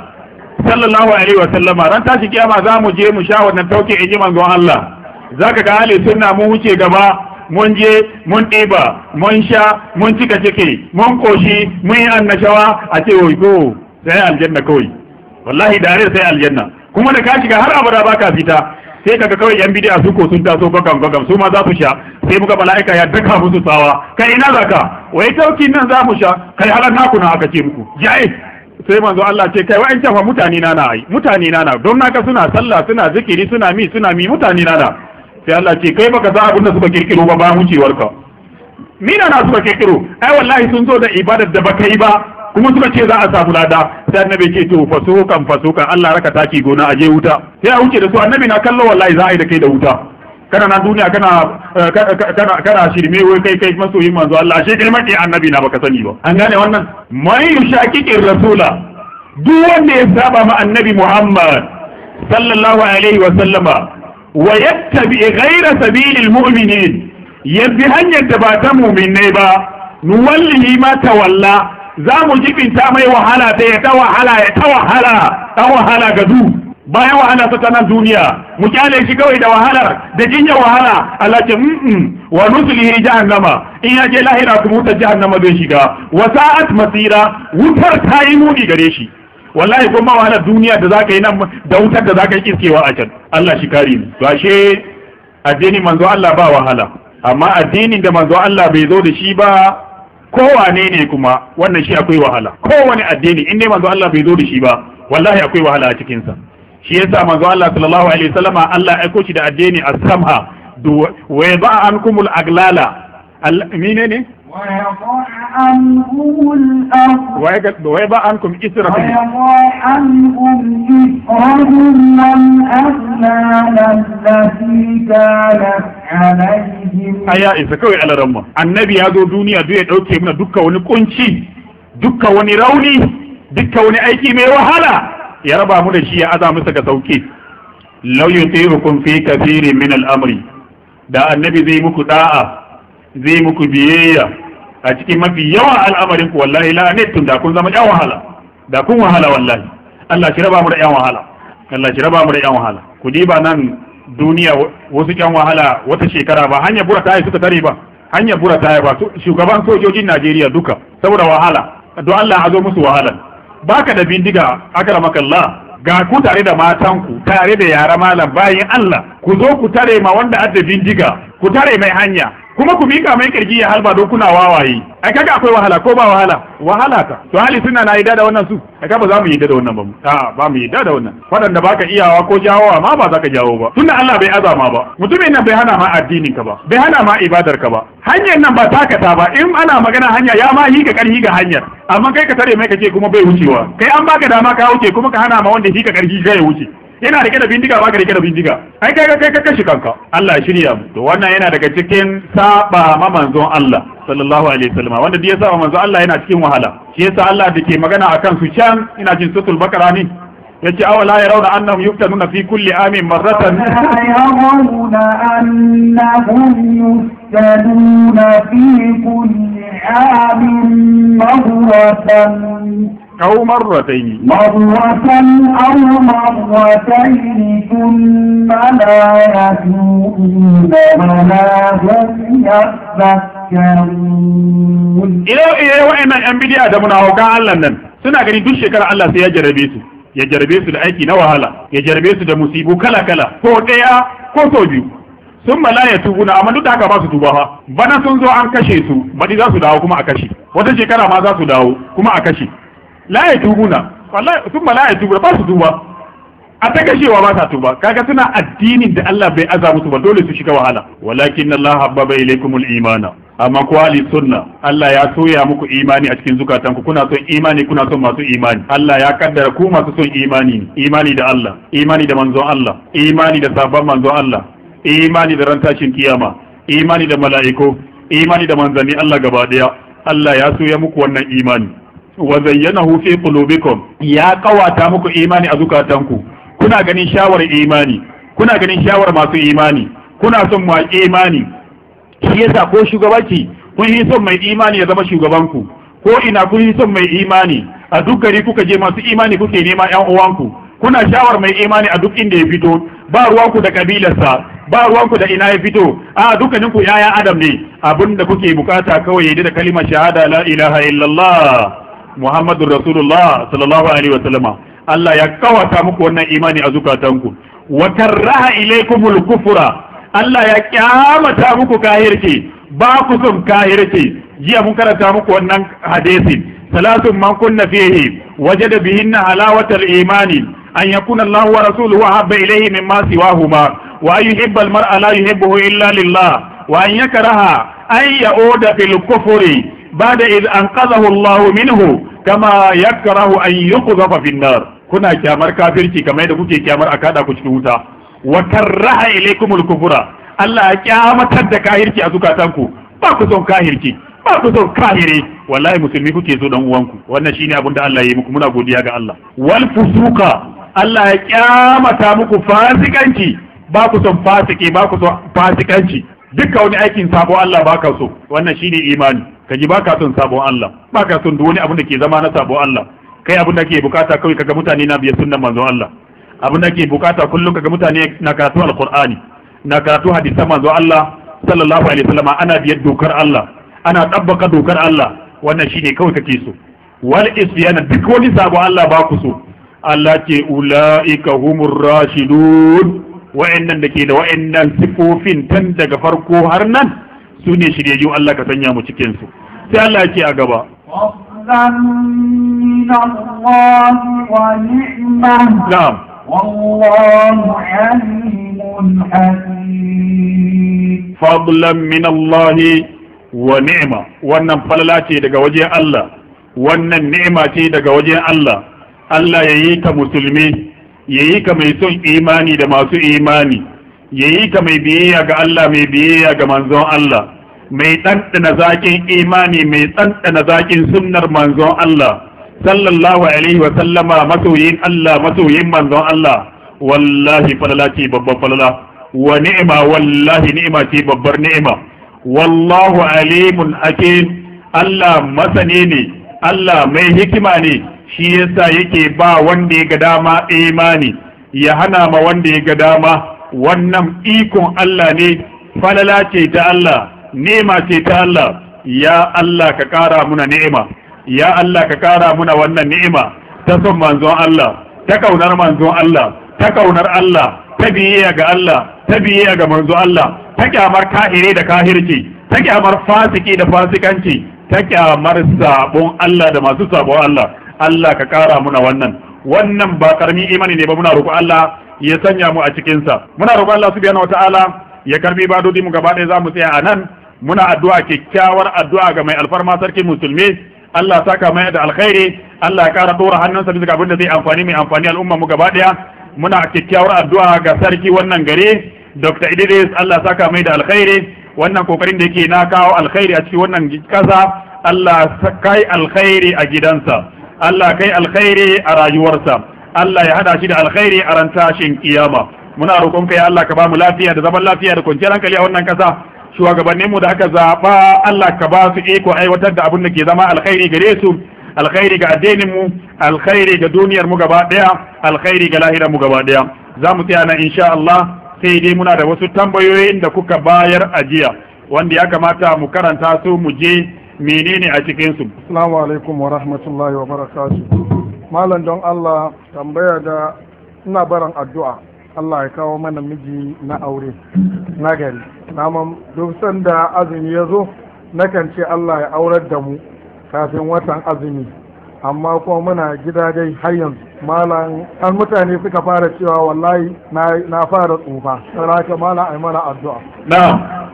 sallallahu alaihi wa sallama ran tashi kiyama za mu je mu sha wannan tauke in ji manzon Allah zaka ga ahli sunna mu wuce gaba mun je mun ɗiba mun sha mun cika ciki mun koshi mun yi annashawa a ce wai ko sai aljanna kawai wallahi da sai aljanna kuma da ka shiga har abada baka fita sai kaga kawai yan bidiya su ko sun taso gagam gagam su ma za su sha sai muka mala'ika ya daka musu tsawa kai ina zaka wai tauki nan za mu sha kai na naku na aka ce muku ja'i sai manzo Allah ce kai wa'ancan fa mutane na na ai mutane na na don naka suna sallah suna zikiri suna mi suna mi mutane na na sai Allah ce kai baka za abin da suka kirkiro ba bayan wucewarka mina na suka kirkiro ai wallahi sun zo da ibadar da baka yi ba kuma suka ce za a samu lada sai annabi ce to faso kan faso kan Allah raka taki gona aje wuta sai a wuce da su annabi na kallo wallahi za a yi da kai da wuta kana na duniya kana eh, kana kana shirme wai kai kai masoyin manzo Allah shi kalmar ne annabi na baka sani ba an gane wannan mai shakikin rasula duk wanda ya saba ma annabi Muhammad sallallahu alaihi wa sallama wa yattabi ghayra sabilil mu'minin yabi hanyar da ba ta ne ba nuwallihi ma tawalla za mu jibinta mai wahala ta ya ta wahala ya ta wahala ta wahala ga du bayan wahala ta nan duniya mu kyale shi kawai da wahalar da jinya wahala Allah ce mm wa nuslihi jahannama in ya je lahira kuma wutar jahannama zai shiga wa sa'at masira wutar ta yi muni gare shi wallahi ma wahalar duniya da zaka yi nan da wutar da zaka yi kiskewa a can Allah shi kare ni to ashe addini manzo Allah ba wahala amma addinin da manzo Allah bai zo da shi ba kowane ne kuma wannan shi akwai wahala kowane addini in dai manzo Allah bai zo da shi ba wallahi akwai wahala a cikin sa shi yasa manzo Allah sallallahu alaihi wasallama Allah ya aiko shi da addini as-samha wa yad'a ankumul aglala menene wa yad'a عنهم الأرض ويضع عنكم إسرهم ويضع عنهم إسرهم والأغلال التي كانت عليهم أيا إذا كوي على رمى النبي هذا دنيا دوية أوكي من دكا ونقنشي دكا ونروني دكا ونأيكي ميوهلا ya raba mu da shi ya aza masa ga sauki law yutirukum fi kathirin min al-amri da annabi zai muku da'a zai muku biyayya a cikin mafi yawan al'amarin ku wallahi la anittum da kun zama yan wahala da kun wahala wallahi Allah shi raba mu da yan wahala Allah shi raba mu da yan wahala ku ba nan duniya wasu yan wahala wata shekara ba hanya bura ta yi suka tare ba hanya bura ta yi ba shugaban sojojin Najeriya duka saboda wahala don Allah a zo musu wahala baka da bindiga akramakallah ga ku tare da matanku tare da yara malam bayin Allah ku zo ku tare ma wanda adda bindiga ku tare mai hanya kuma ku mika mai kirji ya halba don kuna wawaye ai kaga akwai wahala ko ba wahala wahala ta to hali suna na yadda da wannan su ai ka ba za mu yadda da wannan ba a ah, ba mu yadda da wannan wadanda baka iyawa ko jawowa ma ba za ka jawo ba tunda Allah bai azama ba mutumin nan bai hana ma addinin ka ba bai hana ma ibadar ka ba hanyar nan ba taka ta ba in ana magana hanya ya ma hika karhi ga hanyar amma kai ka tare mai kace kuma bai wucewa kai an baka dama ka wuce kuma ka hana ma wanda hika ka karhi ga ya wuce yana rike da bindiga ba ka rike da bindiga ai kai kai kai kashi kanka Allah ya shirya mu to wannan yana daga cikin saba ma manzon Allah sallallahu alaihi wasallam wanda duk ya saba manzon Allah yana cikin wahala shi yasa Allah da ke magana akan su can ina jin sutul bakara ne yace aw la yarawna annahum yuftanuna fi kulli amin marratan yarawna annahum yuftanuna fi kulli amin marratan أو مرتين مرة أو مرتين ثم لا يتوبون ولا هم يذكرون إلى وإن أنبياء دمنا وقع الله نن سنة قريب الشكر الله سيجرب يسو ya jarbe su da aiki na wahala ya jarbe su da musibu kala kala ko ɗaya ko so biyu sun mala ya tubu amma duk da haka ba su tuba fa bana sun zo an kashe su baɗi za su dawo kuma a kashe wata shekara ma za su dawo kuma a kashe la yatubuna sun thumma la yatubuna ba su tuba a ta gashewa ba sa tuba kaga suna addinin da Allah bai aza musu ba dole su shiga wahala walakin na Allah habbaba ilaykumul imana amma kuwa ali sunna Allah ya soya muku imani a cikin zukatan ku kuna son imani kuna son masu imani Allah ya kaddara ku masu son imani imani da Allah imani da manzon Allah imani da sabon manzon Allah imani da ran tashin kiyama imani da mala'iku imani da manzanni Allah gaba daya Allah ya soya muku wannan imani wa zayyanahu fi qulubikum ya kawata muku imani a zukatanku kuna ganin shawar imani kuna ganin shawar masu imani kuna son mu imani shi yasa ko shugabanci kun yi son mai imani ya zama shugabanku ko ina kun yi son mai imani a duk kuka je masu imani kuke nema yan uwanku kuna shawar mai imani a duk inda ya fito ba ruwanku da kabilarsa ba ruwanku da ina ya fito a dukkanin ku yaya adam ne abinda kuke bukata kawai yadda da kalimar shahada la ilaha illallah Muhammadu Rasulullah sallallahu alaihi wasallama Allah ya kawata muku wannan imani a zukatanku wa karaha ilaykumul kufra Allah ya kyamata muku kahirci ba ku son kahirci jiya mun karanta muku wannan hadisi salatun man kunna fihi wajada bihinna halawatal imani an yakuna Allah wa rasuluhu habba ilayhi mimma siwahuma wa an yuhibba al-mar'a la yuhibbuhu illa lillah wa an yakraha an ya'uda fil kufri bada id anqadahu Allah minhu kama yakrahu an yuqdhafa fi nar kuna kyamar kafirci kamar yadda kuke kyamar a kada ku cikin wuta wa karaha ilaykumul kufra Allah ya kyamatar da kahirci a zukatanku ba ku son kahirci ba ku son kahire wallahi musulmi kuke so dan uwanku wannan shine abin da Allah ya yi muku muna godiya ga Allah wal fusuka. Allah ya kyamata muku fasikanci ba ku son fasike ba ku son fasikanci dukkan wani aikin sabo Allah ba ka so wannan shine imani kaji ba ka son sabon Allah ba ka son wani abin da ke zama na sabon Allah kai abin da ke bukata kawai kaga mutane na biya sunnan manzon Allah abin da ke bukata kullum kaga mutane na karatu alqur'ani na karatu hadisan manzon Allah sallallahu alaihi wasallam ana biyar dokar Allah ana tabbaka dokar Allah wannan shine kawai kake so wal isyan duk wani sabon Allah ba ku so Allah ce ulaika humur rashidun wa'annan da ke da wa'annan sifofin tan daga farko har nan su ne shiryayyu Allah ka sanya mu cikin su sai Allah a gaba na'am fadlan min Allah wa ni'ma wannan falala ce daga wajen Allah wannan ni'ima ce daga wajen Allah Allah yi ka musulmi yi ka mai son imani da masu imani yayi ka mai biyayya ga Allah mai biyayya ga manzon Allah mai ɗanɗana zaƙin imani mai ɗanɗana zaƙin sunnar manzon Allah sallallahu alaihi wa sallama masoyin Allah masoyin manzon Allah wallahi falala ce babbar falala wa ni'ima wallahi ni'ima ce babbar ni'ima wallahu alimun hakim Allah masani ne Allah mai hikima ne shi yasa yake ba wanda ya ga dama imani ya hana ma wanda ya ga dama wannan ikon Allah ne falala ce ta Allah ni'ima ce ta Allah ya Allah ka kara muna ni'ima ya Allah ka kara muna wannan ni'ima ta son manzon Allah ta kaunar manzon Allah ta kaunar Allah ta biyayya ga Allah ta biyayya ga manzon Allah ta kyamar kahire da kahirci ta kyamar fasiki da fasikanci ta kyamar sabon Allah da masu sabon Allah Allah ka kara muna wannan wannan ba karmi imani ne ba muna roƙo Allah ya sanya mu a cikin sa muna roƙo Allah subhanahu wataala ya karbi badodi mu gaba ɗaya za mu tsaya a nan muna addu'a kyakkyawar addu'a ga mai alfarma sarkin musulmi Allah saka mai da alkhairi Allah ya kara dora hannunsa bisa abin da zai amfani mai amfani al'umma mu gaba daya muna kyakkyawar addu'a ga sarki wannan gari Dr. Idris Allah saka mai da alkhairi wannan kokarin da yake na kawo alkhairi a cikin wannan kasa Allah kai alkhairi a gidansa Allah kai alkhairi a rayuwarsa Allah ya hada shi da alkhairi a ran tashin kiyama muna roƙon kai Allah ka ba mu lafiya da zaman lafiya da kwanciyar hankali a wannan kasa shugabanninmu da aka zaɓa Allah ka ba su iko aiwatar da abin da ke zama alkhairi gare su alkhairi ga addinin mu alkhairi ga duniyar mu gaba daya alkhairi ga lahirar mu gaba za mu tsaya nan insha Allah sai dai muna da wasu tambayoyin da kuka bayar a jiya wanda ya kamata mu karanta su mu je menene a cikin su assalamu alaikum wa rahmatullahi wa barakatuh malam don Allah tambaya da ina baran addu'a Allah ya kawo mana miji na aure na gari naman duk sanda azumi ya zo nakan ce Allah ya aurar da mu kafin watan azumi amma kuma muna gida dai har yanzu malam an mutane suka fara cewa wallahi na fara tsufa saraka haka malam ai mana addu'a na'am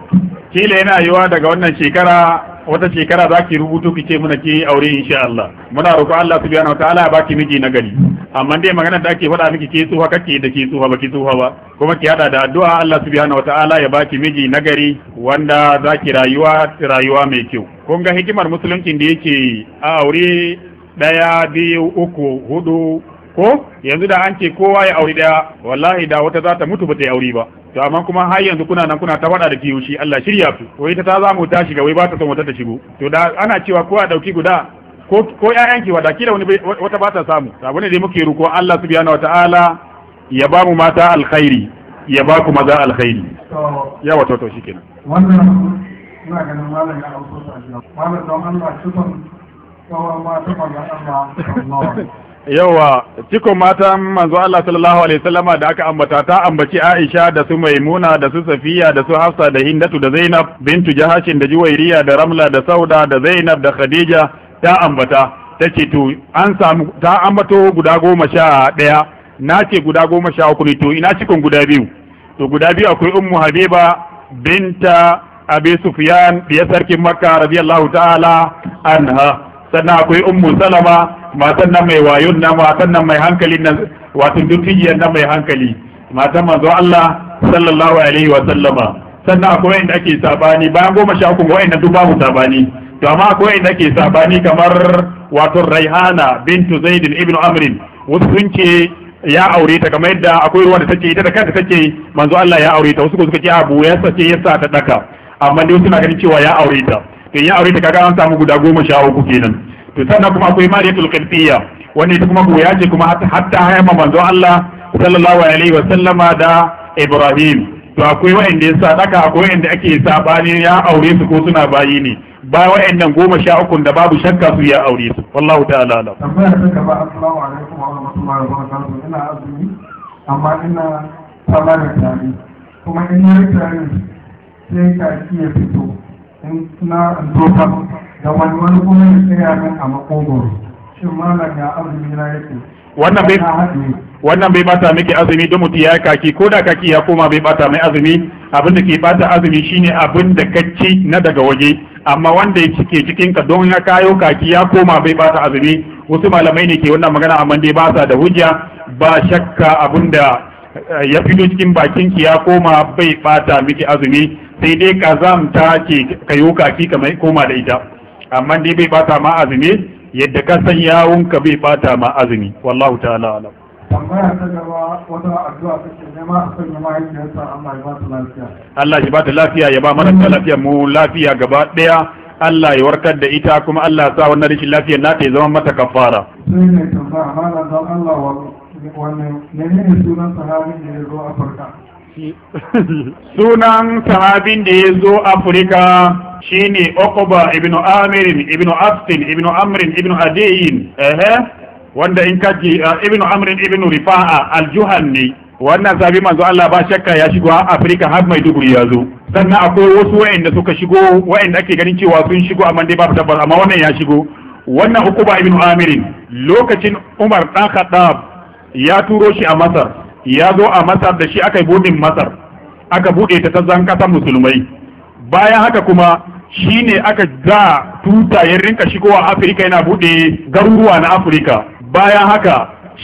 kila yana yiwa daga wannan shekara wata shekara za ki rubutu ki ce muna ki aure insha Allah muna roƙo Allah subhanahu wa ta'ala ya baki miji na gari amma dai magana da ake faɗa miki ke tsufa kake da ke tsufa baki tsufa ba kuma ki hada da addu'a Allah subhanahu wa ta'ala ya baki miji na gari wanda za ki rayuwa rayuwa mai kyau kun ga hikimar musuluncin da yake a aure daya biyu uku hudu ko yanzu da an ce kowa ya aure daya wallahi da wata za ta mutu ba ta yi aure ba to amma kuma har yanzu kuna nan kuna ta faɗa da kiyushi Allah shirya to wai ta ta zamu tashi shiga wai ba ta son wata ta shigo to da ana cewa kowa dauki guda ko ko ƴaƴan ki wada kila wani wata ba ta samu sabo ne dai muke ruko Allah subhanahu wataala ya ba mu mata alkhairi ya ba ku maza alkhairi ya wato to shikenan wannan ina ganin malam ya auto sa malam don Allah shi son tsawon mata Allah Allah yawa ciko mata manzo Allah sallallahu alaihi wasallama da aka ambata ta ambaci Aisha da su Maimuna da su Safiya da su Hafsa da Hindatu da Zainab bintu Jahashin da Juwairiya da Ramla da Sauda da Zainab da Khadija ta ambata tace to an samu ta ambato guda goma sha daya na ce guda goma sha uku ne to ina cikon guda biyu to guda biyu akwai Ummu Habiba binta Abi Sufyan biya sarkin Makka radiyallahu ta'ala anha sannan akwai Ummu Salama matan nan mai wayon nan matan nan mai hankali nan wato dukiyar nan mai hankali matan manzo Allah sallallahu alaihi wa sallama sannan akwai inda ake sabani bayan goma sha uku wa'annan duk babu sabani to amma akwai inda ake sabani kamar wato Raihana bintu Zaid ibn Amr wasu sun ce ya aure ta kamar yadda akwai ruwa da take ita da kanta take manzo Allah ya aure ta wasu suka ce abu ya sace ya sa ta daka amma dai suna ganin cewa ya aure ta to ya aure ta kaga an samu guda goma sha uku kenan to sannan kuma akwai mariyatul qibtiyya wani ita kuma goya ce kuma hatta haima manzo Allah sallallahu alaihi wa sallama da Ibrahim to akwai wa'anda ya daka akwai wa'anda ake sabani ya aure su ko suna bayi ne ba wa'annan goma sha uku da babu shakka su ya aure su wallahu ta'ala alam tambaya gaba assalamu alaikum wa rahmatullahi wa barakatuh ina azumi amma ina fama da tari kuma in yi tari sai ka iya fito in na doka da wani kuma ya tsaya kan a makogoro shin malam ya azumi na yake wannan bai wannan bai bata miki azumi don mutum ya kaki ko da kaki ya koma bai bata mai azumi abin da ke bata azumi shine abin da kacci na daga waje amma wanda ya cike cikin ka don ya kayo kaki ya koma bai bata azumi wasu malamai ne ke wannan magana amma dai ba sa da hujja ba shakka abin da eh, ya fito cikin bakin ki ya koma bai bata miki azumi sai dai kazamta ke kayo kaki kamar koma da ita amma dai bai bata ma azumi yadda ka san yawun ka bai bata ma azumi wallahu ta'ala alam tambaya ta gaba wata addu'a take nema a sanya mahaifiyarsa Allah ya ba ta lafiya Allah ya ba ta lafiya ya ba ta lafiya mu lafiya gaba daya Allah ya warkar da ita kuma Allah ya sa wannan rashin lafiyar na ta zama mata kafara sai ne tambaya malam dan Allah wannan menene sunan sahabin da ya zo Afirka sunan sahabin da ya zo Afirka shine Uqba ibn Amirin, ibn Afsin ibn Amrin, ibn Adeyin, eh wanda in kaji eh, ibn Amr ibn Rifa'a al wannan sabi manzo Allah ba shakka ya shigo a Afirka har mai duguri ya zo sannan akwai wasu wa'anda suka shigo wa'anda ake ganin cewa sun shigo amma dai ba tabbas amma wannan ya shigo wannan Uqba ibn Amirin, lokacin Umar dan Khattab ya turo shi a Masar ya zo a Masar da shi aka yi budin Masar aka bude ta ta zan kasa musulmai bayan haka kuma shi ne aka ga tuta ya rinka shigowa afirka yana bude garuruwa na afirka bayan haka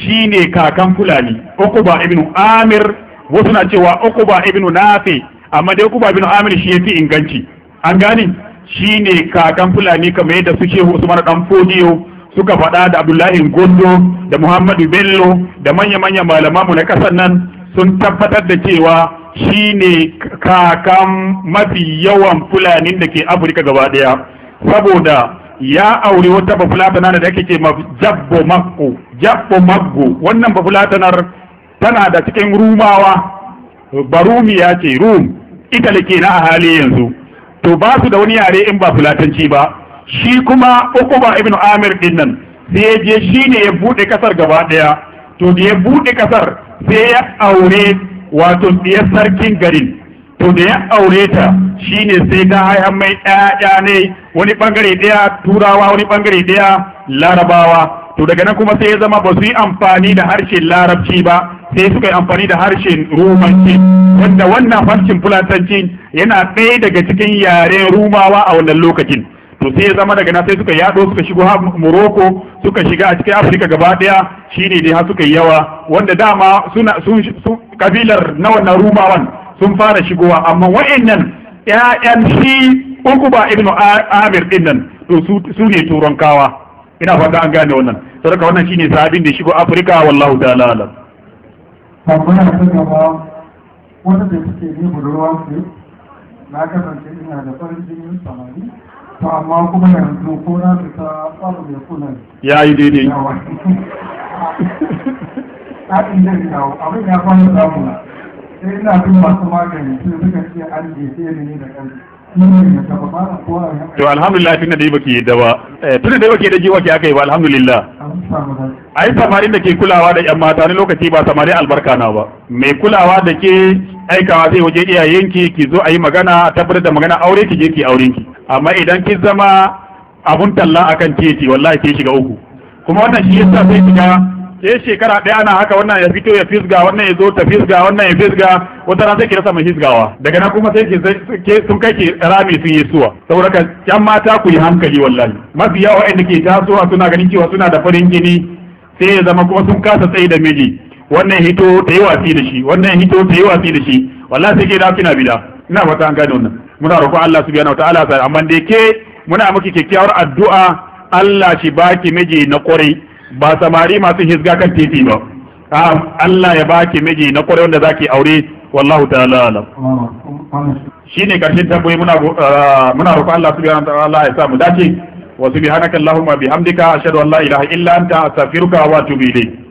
shi ne kakan fulani ukuba ibn amir wasu na cewa ukuba ibn nafi amma dai ukuba ibn amir shi ya fi inganci an gani shi ne kakan fulani kamar yadda su shehu usman dan fodiyo suka faɗa da abdullahi gondo da muhammadu bello da manya-manya malamanmu na ƙasar nan sun tabbatar da cewa shi ne kakan mafi yawan fulanin da ke afirka gaba daya saboda ya aure wata bafulatanar da ake ce jabbo Maggo, jabbo maggo wannan bafulatanar tana da cikin rumawa ya ce rum ita ke na a hali yanzu to ba su da wani yare in ba fulatanci ba shi kuma uku ba ibnu amir din nan sai je shi ne ya buɗe kasar gaba ɗaya to da ya buɗe ƙasar. sai ya aure wato ya sarkin garin to da ya aure ta shine sai ta haiha mai ɗaya ne wani bangare ɗaya turawa wani bangare ɗaya larabawa to daga nan kuma sai ya zama ba su yi amfani da harshen larabci ba sai suka yi amfani da harshen rumanci wanda wannan harshen fulatanci yana ɗaya daga cikin yaren rumawa a wannan lokacin to sai ya zama daga nan sai suka yado suka shigo ha Morocco suka shiga a cikin Afirka gaba daya shine dai har suka yi yawa wanda dama suna sun kabilar na wannan Rumawan sun fara shigowa amma wa'annan ƴaƴan shi ba ibn Amir din nan to su ne turankawa ina fata an gane wannan saboda wannan shine sabin da shigo Afirka wallahu ta'ala alam tambaya ta gaba wanda da suke ne budurwa na kasance ina da farin jini samari to amma kuma yanzu ko na fita tsaro da kula ya yi daidai ɗaɗin zai dawo abin ya kwana samu sai ina bin masu magani sai suka ce an jefe ne da ƙarfi to alhamdulillah tunda dai baki yadda ba eh, tunda dai baki yadda jiwa ke aka yi ba alhamdulillah a yi samarin da ke kulawa da yan mata ni lokaci ba samari albarka na ba mai kulawa da ke aikawa zai waje iyayenki ki zo a yi magana a tabbatar da magana aure ki je ki auren ki amma idan ki zama abun talla akan titi wallahi ke shiga uku kuma wannan shi yasa sai shiga sai eh, shekara ɗaya ana haka wannan ya fito ya fisga wannan ya zo ta fisga wannan ya fisga wata ran sai ki rasa mai fisgawa daga nan kuma sai ki sun kai ki rami sun yi suwa saboda yan mata ku yi hankali wallahi mafi yawa inda ke tasowa suna ganin cewa suna da farin gini sai ya zama kuma sun kasa tsaye da miji wannan hito ta yi wasi da shi wannan hito ta yi wasi da shi wallahi sai ke da kina bila ina fata an gane wannan muna roƙon Allah subhanahu wataala sai amma da ke muna miki kikkiawar addu'a Allah shi baki miji na ƙwarai ba samari masu hisga kan titi ba Allah ya baki miji na ƙwarai wanda zaki aure wallahu ta'ala alam shine karshen tambayi muna ah, muna roƙon Allah subhanahu wataala ya sa mu dace wa subhanaka allahumma bihamdika ashhadu an la ilaha illa anta astaghfiruka wa atubu ilayk